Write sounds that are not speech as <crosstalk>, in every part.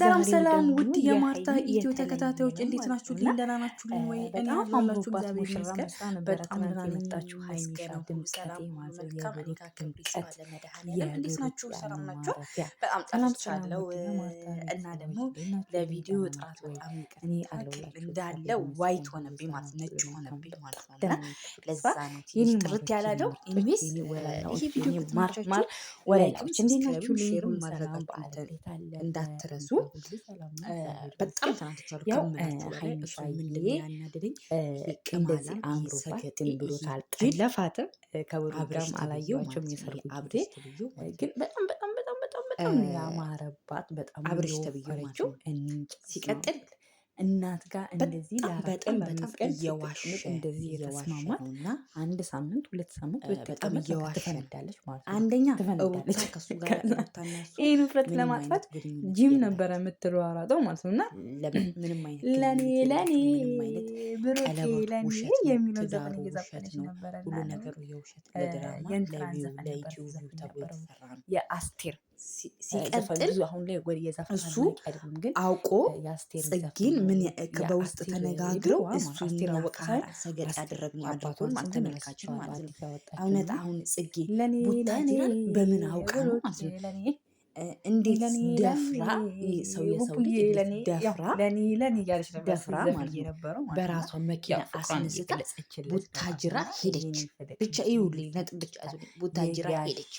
ሰላም ሰላም ውድ የማርታ ኢትዮ ተከታታዮች እንዴት ናችሁ? ልኝ ደህና ናችሁ ልኝ ወይ? እኔ አላችሁ እግዚአብሔር ይመስገን በጣም ደህና መጣችሁ። ሀይሚሻ ድምቀቴ ማዘልካም ድምቀት እንዴት ናችሁ? ሰላም ናችሁ? በጣም ጠፍቻለሁ እና ደግሞ ለቪዲዮ ጥራት በጣም እኔ እንዳለ ዋይት ሆነብኝ ማለት ነጭ ሆነብኝ ማለት ነው። እና ለዛ ይህን ጥርት ያላለው ኢንቪስ ይሄ ቪዲዮ ማርማር ማር ወላይቶች እንዴት ናችሁ? ሼርም ማድረግ እንዳትረሱ በጣም ሀይሚዬ እንደዚህ አምሮባት ብሎታል። ለፋትም አላየው መቼም የሰርጉ አብዴ ግን በጣም በጣም በጣም በጣም ያማረባት በጣም ሲቀጥል እናት ጋር እንደዚህ በጣም በጣም እየዋሸ እንደዚህ የተስማማት አንድ ሳምንት ሁለት ሳምንት በጣም እየዋሸ ትፈነዳለች ማለት ነው። አንደኛ ትፈነዳለች። <laughs> ይህን ውፍረት ለማጥፋት ጂም ነበረ የምትሯሯጠው ማለት ነው። እና ለኔ ለኔ ብሩኬ ለኔ የሚለው ዘፈን እየዘፈነች ነበረ። ሁሉ ነገሩ የውሸት ለድራማ ለዩቲዩብ ተብሎ የተሰራ ነው የአስቴር ሲቀጥል እሱ አውቆ ጽጌን ምን በውስጥ ተነጋግረው እሱ የሚያወቃል ሰገጥ ያደረግነው አድርጎን ተመልካችን ማለት ነው። እውነት አሁን ጽጌ ቡታጅራን በምን አውቃ ነው ማለት ነው? እንዴት ደፍራ ሰው የሰው ደፍራ ደፍራ ማለት ነው። በራሷ መኪና አስነስታ ቡታጅራ ሄደች። ብቻ ይኸውልኝ ነጥብ ብቻ ቡታጅራ ሄደች።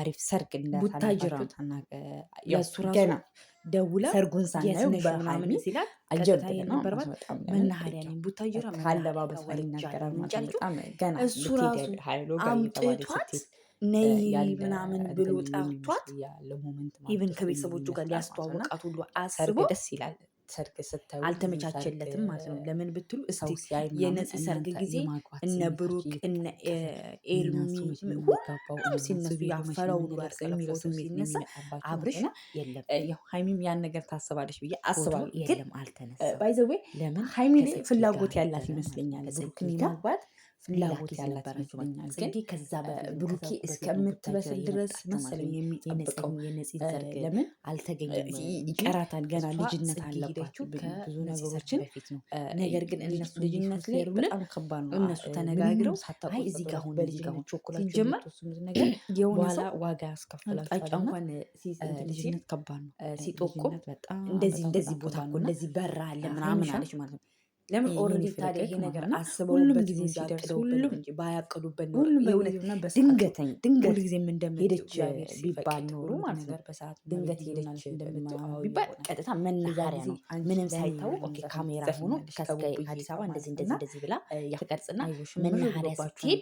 አሪፍ ሰርግ ቡታጅራ ደውላ ሰርጉን ሳናየው በሃይሚ አልጀበጣም ካለባበስ ይናገራል ገና እሱ ራሱ አምጥቷት ነይ ምናምን ብሎ ጠርቷት ኢቨን ከቤተሰቦቹ ጋር ሊያስተዋውቃት ሁሉ አስቦ ደስ ይላል። ሰርግ አልተመቻቸለትም ማለት ነው። ለምን ብትሉ እስቲ የነጽ ሰርግ ጊዜ እነ ብሩክ እነ ኤልሚ ሁሉ ሲነሱ ያፈረው ሉር የሚለው ስሜት ሲነሳ አብርሽ ሀይሚም ያን ነገር ታስባለች ብዬ አስባለሁ። ግን ባይዘዌ ሀይሚ ፍላጎት ያላት ይመስለኛል ብሩክን የማግባት ፍላጎት ያላቸው ግን ከዛ ብሩኬ እስከምትበስል ድረስ መሰለኝ የሚጠብቀው የነፂ ዘርግ ለምን አልተገኘም? ይቀራታል። ገና ልጅነት አለባቸው ብዙ ነገሮችን ነገር ግን እነሱ ልጅነት ላይ በጣም ከባድ ነው። እነሱ ተነጋግረው ሳታቆይ እዚህ ጋር አሁን በልጅ ነገር <clears throat> የሆነ ዋጋ ያስከፍላቸው እንኳን ልጅነት ከባድ ነው። ሲጦቆ እንደዚህ እንደዚህ ቦታ እንደዚህ በራ አለ ምናምን አለች ማለት ነው ለምን ኦልሬዲ ታዲያ ይሄ ነገር አስበውበት ጊዜ ሲደርስ ባያቅዱበት ድንገተኝ ድንገት ጊዜ ሄደች ቢባል ኖሮ ማለት ነው። ድንገት ሄደች ቢባል ቀጥታ መናኸሪያ ነው። ምንም ሳይታወቅ ካሜራ ሆኖ ከአዲስ አበባ እንደዚህ እንደዚህ እንደዚህ ብላ ትቀርጽና መናኸሪያ ስትሄድ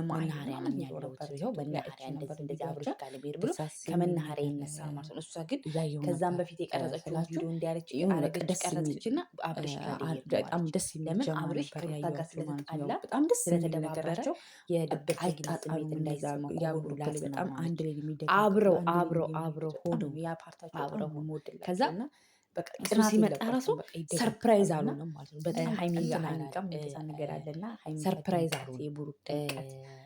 መናኸሪያ ነው ያለሁት ይኸው መናኸሪያ እንደዚህ እንደዚህ አብሮች ጋር ልሄድ ብሎ ከመናኸሪያ ይነሳል ማለት ነው። እሷ ግን ከዛም በፊት የቀረጸችላችሁ እንዲያለች ደቀረጸችና አብረሽ ጋር በጣም ደስ ለምን አብሮ ተወጋ ስለተጣላ በጣም ደስ ስለተደባበራቸው አይጣጣም እንዳይዛሉ ያጉላል በጣም አንድ ላይ የሚደ አብረው አብረው አብረው ሆነው ያ ፓርታቸው አብረው ሞድል ከዛ ቅር ሲመጣ ራሱ ሰርፕራይዝ አሉ ነው ማለት ነው። በጣም ሀይሚ ሰርፕራይዝ አሉ የቡሩክ የቡሩ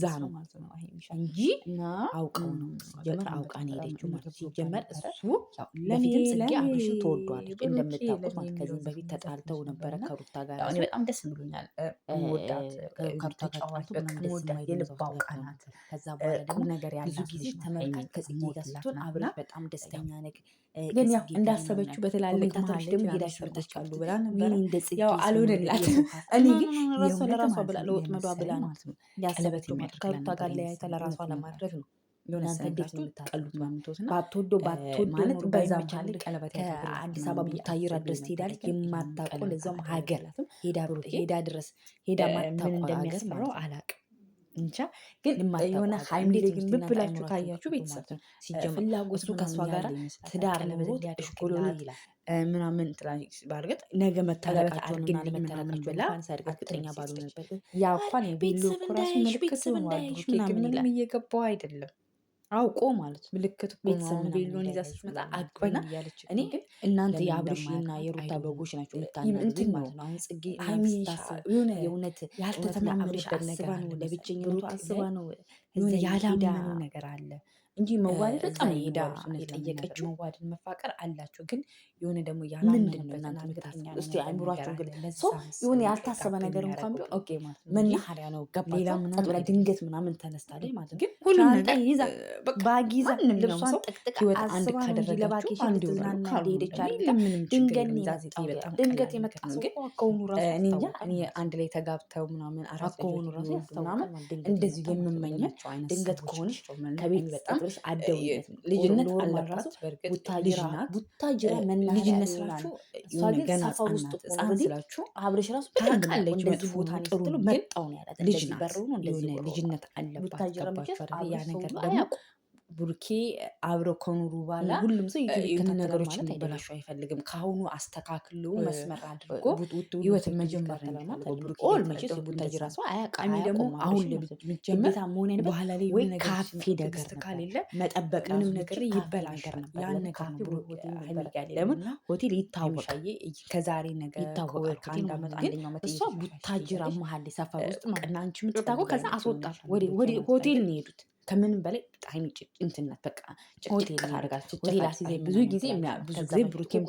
ለዛ ነው እንጂ አውቀው ነው ሲጀመር አውቃ ነው የሄደችው ማለት ሲጀመር እሱ ለፊትም ጽጌ አብርሽን ተወዷለች እንደምታውቁት ማለት ከዚህም በፊት ተጣልተው ነበረ ከሩታ ጋር በጣም ደስ ብሎኛል ከሩታ ጋር ከዛ በኋላ ደግሞ ነገር ያላት ተመልካች ከጽጌ ጋር ስትሆን አብርሽ በጣም ደስተኛ ነገር ግን ያው እንዳሰበችው በትላልቅ መሀል ደግሞ ሄዳሽ አሉ ብላ ነበረ። ያው አልሆነላት። እኔ ግን ራሷ ለራሷ ብላ ለወጥ መዷ ብላ ነው ቀለበት ከሩታ ጋር ለያይታ ለራሷ ለማድረግ ነው። እናንተ እንዴት ባትወዶ ባትወዶ በዛ መቻል ከአዲስ አበባ ቡታየራ ድረስ ትሄዳለች። የማታውቀው ለዚያውም ሀገር ሄዳ ድረስ ሄዳ ማታውቀው ሀገር አላውቅም እንጃ ግን የሆነ ሀይሚ ልብ ብላችሁ ካያችሁ ቤተሰብ ፍላጎቱ ከእሷ ጋር ትዳር ለመዘድ ምናምን ትላለች። ነገ መታረቃቸውን ምናምን ብላ እርግጠኛ ቤተሰብ እንዳይሽ ቤተሰብ እንዳይሽ ምናምን እየገባው አይደለም አውቆ ማለት ምልክት ቤተሰብ ቤሎን ይዛ ስትመጣ አቅና እኔ ግን እናንተ የአብርሽና የሩታ በጎች ናቸው የምታናግሩኝ ማለት ነው። አሁን ጽጌ ነው ነገር አለ እንጂ መዋደድ በጣም ሄዳ የጠየቀችው መዋደድ መፋቀር አላቸው፣ ግን የሆነ ደግሞ ያላምንበትናስ አይምሯቸው ግ የሆነ ያልታሰበ ነገር እንኳን ቢሆን መናኸሪያ ነው። ገባ ብላ ድንገት ምናምን ተነስታ ላይ ማለት ነው። ግን ባጊዛ ልብሷን ጠቅጥቅ ህይወት አንድ ካደረጋቸው ድንገት የመጣ እኔ አንድ ላይ ተጋብተው ምናምን አራት ከሆኑ ራሱ ምናምን እንደዚህ የምመኛቸው ድንገት ከሆነች ከቤት በጣም ጨርስ አደውነት ነው። ልጅነት አለባት ቡታጅራ አብረሽ ራሱ መጥፎ ጥሩ መጣው ነው ያላት ልጅ ልጅነት አለባት ያ ነገር ደግሞ ቡርኬ አብረው ከኑሩ በኋላ ሁሉም ሰው ነገሮች እንዲበላሹ አይፈልግም። ከአሁኑ አስተካክሉ መስመር አድርጎ ህይወት መጀመር ቡታጅራ ሰው አያውቅም። ደግሞ አሁን ለሚጀመር በኋላ ላይ ወይ ካፌ ነገር ካሌለ መጠበቅ ምንም ነገር ይበላሽ ያን ነገር ለምን ሆቴል ይታወቃል። ከዛሬ ነገር ከአንድ መት እሷ ቡታጅራ መሀል ሰፈር ውስጥ ቅናንች የምትታወቅ ከዛ አስወጣት ወደ ሆቴል ነው የሄዱት ከምንም በላይ ጣይሚ ጭንትነት በቃ ጭጭት አድርጋችሁ ሆቴል ብዙ ጊዜ ብዙ ጊዜ ብሩኬም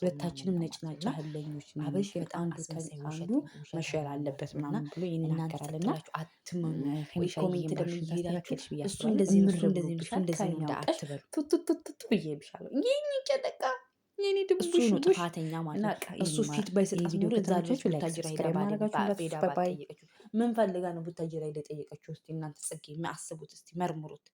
ሁለታችንም ነጭ ናጫ አበሽ በጣም አንዱ መሸር አለበት ምናምን ብሎ ይናገራልና ኮሜንት ደግሞ እየሄዳችሁ እሱ እንደዚህ ምር እንደዚህ ምር እንደዚህ ብዬ ብሻለሁ። ይህኝ ጨጠቃ ጥፋተኛ ማለት ነው። እሱ ፊት ባይሰጣት ኑሮ እዛ ልጆች ላይ ስራ ባይ ጠየቀችው ምን ፈልጋ ነው ቡታጅራ ላይ የጠየቀችው? እስቲ እናንተ ጽጌ የሚያስቡት እስቲ መርምሩት።